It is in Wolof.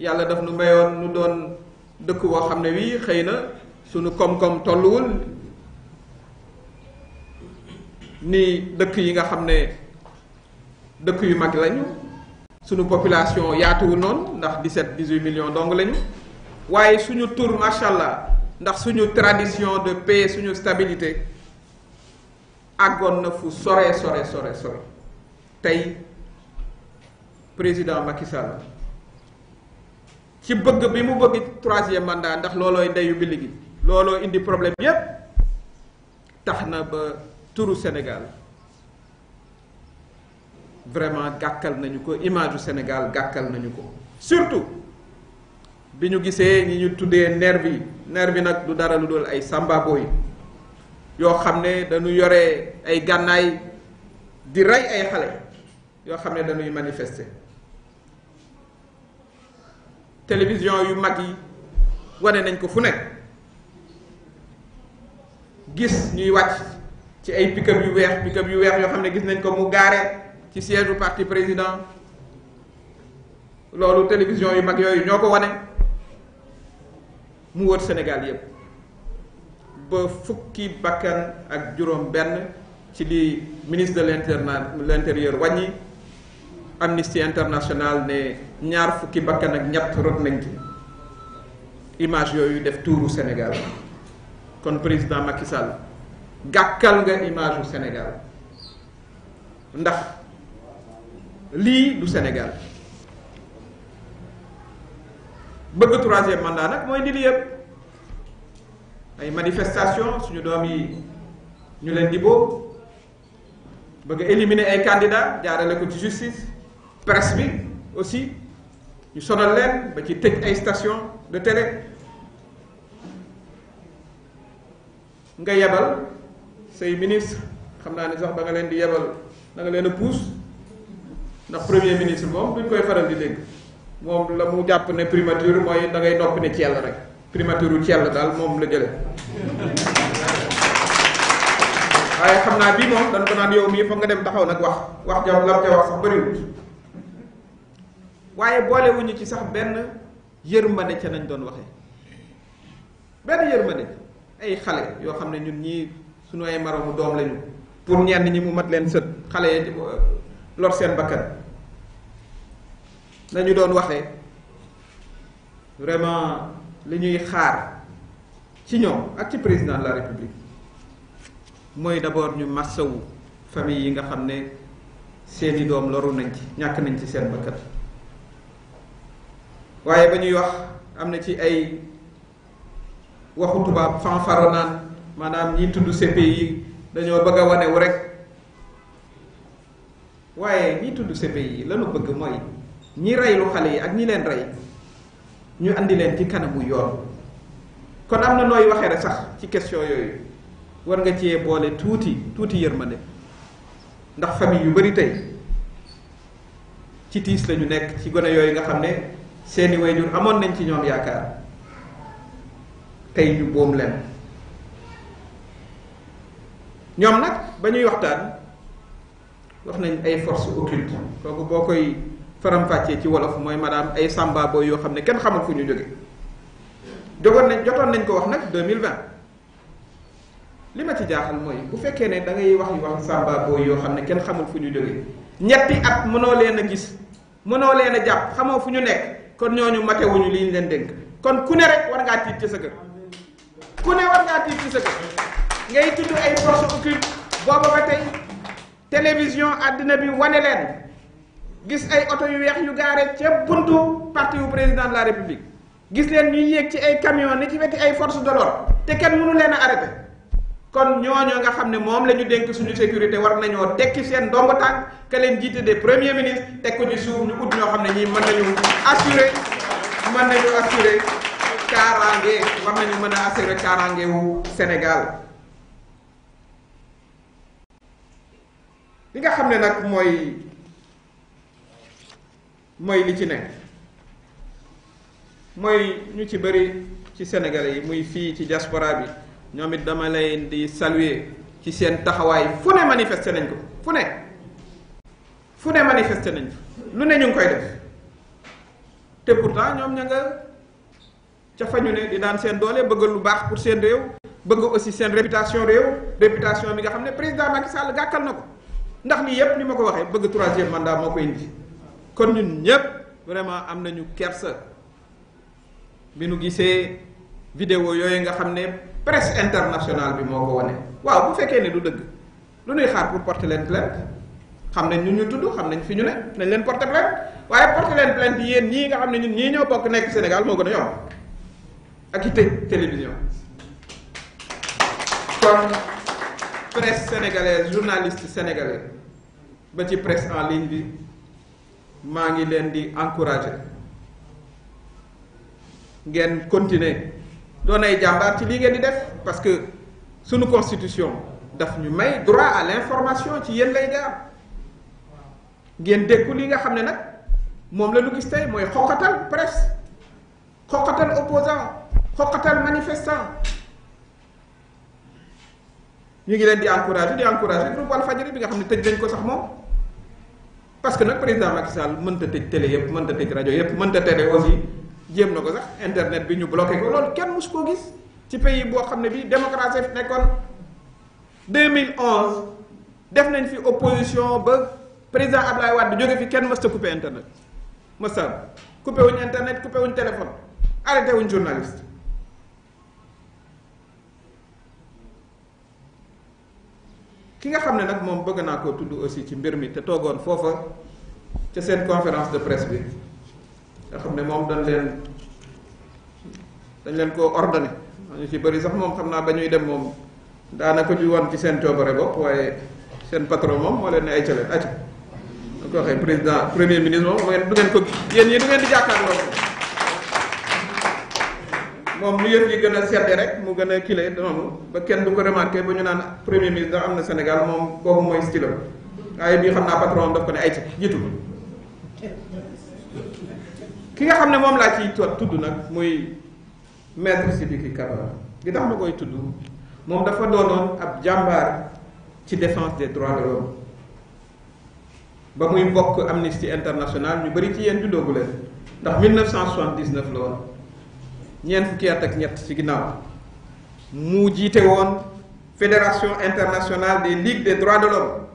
yàlla daf nu mayoon nu doon dëkk woo xam ne wii xëy na sunu koom-koom tolluwul ni dëkk yi nga xam ne dëkk yu mag lañu sunu population yaatuwul noonu ndax 17 18 millions dong lañu waaye suñu tur macha allah ndax suñu tradition de paix suñu stabilité àggoon na fu sore sore sore tey président Macky Sall ci bëgg bi mu bëgg troisième mandat ndax loolooy ndeyu bi léegi looloo indi problème yépp tax na ba turu Sénégal vraiment gàkkal nañu ko image du Sénégal gàkkal nañu ko surtout bi ñu gisee ñi ñu tuddee nervi yi nervi nag du dara lu dul ay sambabo yi yoo xam ne dañu yore ay gànnaay di rey ay xale yoo xam ne dañuy manifester télévision yu mag yi wane nañ ko fu nekk gis ñuy wàcc ci ay pick-up yu weex pick-up yu weex yoo xam ne gis nañ ko mu gaare ci siège bu parti président loolu télévision yu mag yooyu ñoo ko wane mu wër Sénégal yépp ba fukki bakkan ak juróom benn ci li ministre de l'intérieur waññi Amnesty International ne ñaar fukki bakkan ak ñett rot nañ ci image yooyu def tuuru Sénégal kon président Macky Sall gàkkal nga image yu Sénégal ndax lii du Sénégal bëgg troisième mandat nag mooy di li yëpp ay manifestation suñu doom yi ñu leen di boobu bëgg éliminer ay candidats jaarale ko ci justice presse bi aussi ñu sonal leen ba ci tëj ay station de télé nga yebal say ministre xam naa ne sax ba nga leen di yebal danga leen a puus ndax premier ministre moom duñ koy faral di dégg moom la mu jàpp ne primature mooy da ngay noppi ne Thiel rek primature u Thiel daal moom la jële waaye xam naa bii moom dañ ko naan yow mii foog nga dem taxaw nag wax wax jaww la te wax sax waaye boolewuñu ci sax benn yërmande ca nañ doon waxee benn ne ay xale yoo xam ne ñun ñii suñu ay maramu doom lañu pour ñenn ñi mu mat leen sët xale yi euh, lor seen bakkat nañu doon waxee vraiment li ñuy xaar ci ñoom ak ci président de la république mooy d'abord ñu massawu famille yi nga xam ne seeni doom loru nañ ci ñàkk nañ ci seen bakkan waaye ba ñuy wax am na ci ay waxu tubaab fanfaro maanaam ñi tudd yi dañoo bëgg a wanewu rek waaye ñi tudd yi lanu bëgg mooy ñi reylu xale yi ak ñi leen rey ñu indi leen ci kanamu yoon kon am na nooy waxee rek sax ci question yooyu war nga ciyee boole tuuti tuuti yërmande ndax famille yu bari tey ci tiis la nekk ci gone yooyu nga xam ne seeni wayjur amoon nañ ci ñoom yaakaar tey ñu boom leen ñoom nag ba ñuy waxtaan wax nañ ay force occulte kooku boo koy faram-fàccee ci wolof mooy maanaam ay samba booy yoo xam ne kenn xamul fu ñu jóge jogoon nañ jotoon nañ ko wax nag 2020 li ma ci jaaxal mooy bu fekkee ne dangay wax yu wax samba booy yoo xam ne kenn xamul fu ñu jóge ñetti at mënoo leen a gis mënoo leen a jàpp xamoo fu ñu nekk kon ñooñu matewuñu li ñu leen dénk kon ku ne rek war ngaa tiit ci sa kër ku ne war ngaa tiit ci sa ngay tudd ay forces occultes booba ba tey télévision àddina bi wane leen gis ay oto yu weex yu gaare ceeb buntu parti wu président de la république gis leen ñuy yéeg ci ay camion ni ci wetti ay force de l'ordre te kenn mënu leen a arrêté kon ñooñu nga xam ne moom la ñu dénk suñu sécurité war nañoo tekki seen ndomb tànk ka jiite des premier ministres teg ko suuf ñu ut ñoo xam ne ñii mën nañu assurer mën nañu assurer kaaraange war nañu mën a assurer kaaraange wu Sénégal. li nga xam ne nag mooy mooy li ci ne mooy ñu ci bëri ci Sénégalais yi muy fii ci diaspora bi. ñoom it dama lay di saluer ci seen taxawaay fu ne manifesté nañ ko fu ne fu ne manifesté nañ ko lu ne ñu ngi koy def te pourtant ñoom ña nga ca fa ñu ne di daan seen doole bëgg lu baax pour seen réew bëgg aussi seen réputation réew réputation bi nga xam ne président Macky sàll gàkkal na ko ndax lii yépp ni ma ko waxee bëgg troisième mandat moo koy indi kon ñu ñépp vraiment am nañu kersa bi nu gisee vidéo yooyu nga xam ne presse internationale bi moo ko wane waaw bu fekkee ne du dëgg lu ñuy xaar pour porter leen xam nañ ñu ñu tudd xam nañ fi ñu ne nañ leen porter plainte waaye porter leen plainte yéen ñii nga xam ne ñun ñii ñoo bokk nekk Sénégal moo gën a yomb ak i tëj télévision kon presse sénégalaise journaliste sénégalais ba ci presse en ligne bi maa ngi leen di encourager ngeen continuer doon ay jàmbaar ci lii ngeen di def parce que suñu constitution daf ñu may droit à l'information ci yéen lay jaar ngeen dékku li nga xam ne nag moom la ñu gis tey mooy xoqatal presse xoqatal opposant xoqatal manifestant ñu ngi leen di encourager di encourager groupe Walfadjri bi nga xam ne tëj nañ ko sax moom parce que nag président Macky Sall mënta tëj télé yëpp mënta tëj rajo yëpp mënta télé aussi jéem na ko sax internet bi ñu bloqué ko loolu kenn mus koo gis ci pays boo xam ne bii démocratie fi nekkoon 2011 def nañ fi opposition ba président Abdoulaye Wade jóge fi kenn mës ta coupé internet mës ta coupé wuñ internet coupé wuñ téléphone arrêté wuñ journaliste ki nga xam ne nag moom bëgg naa ko tudd aussi ci mbir mi te toogoon foofa ca seen conférence de presse bi. nga xam ne moom dañ leen dañ leen ko ordonné ñu ci bëri sax moom xam naa ba dem moom daanaka ju woon ci seen coobare bopp waaye seen patron moom moo leen ne ay caleen acca da ko waxee président premier ministre moom du ngeen ko yéen ñi du ngeen di jàkkaarloo moom lu yëf yi gën a sedde rek mu gën a kile noonu ba kenn du ko remarqué ba ñu naan premier ministre am na Sénégal moom boobu mooy style waaye bii xam naa patron daf ko ne ay ca jiitu ki nga xam ne moom laa ciy tudd nag muy maître Sidiki Kaba li tax ma koy tudd moom dafa doonoon ab jàmbaar ci défense des droits de l'homme ba muy bokk Amnesty International ñu bari ci yéen juddoogu leen ndax 1979 la woon ñeent fukki at ak ñett ci ginnaaw mu jiite woon fédération internationale des ligues des droits de l'homme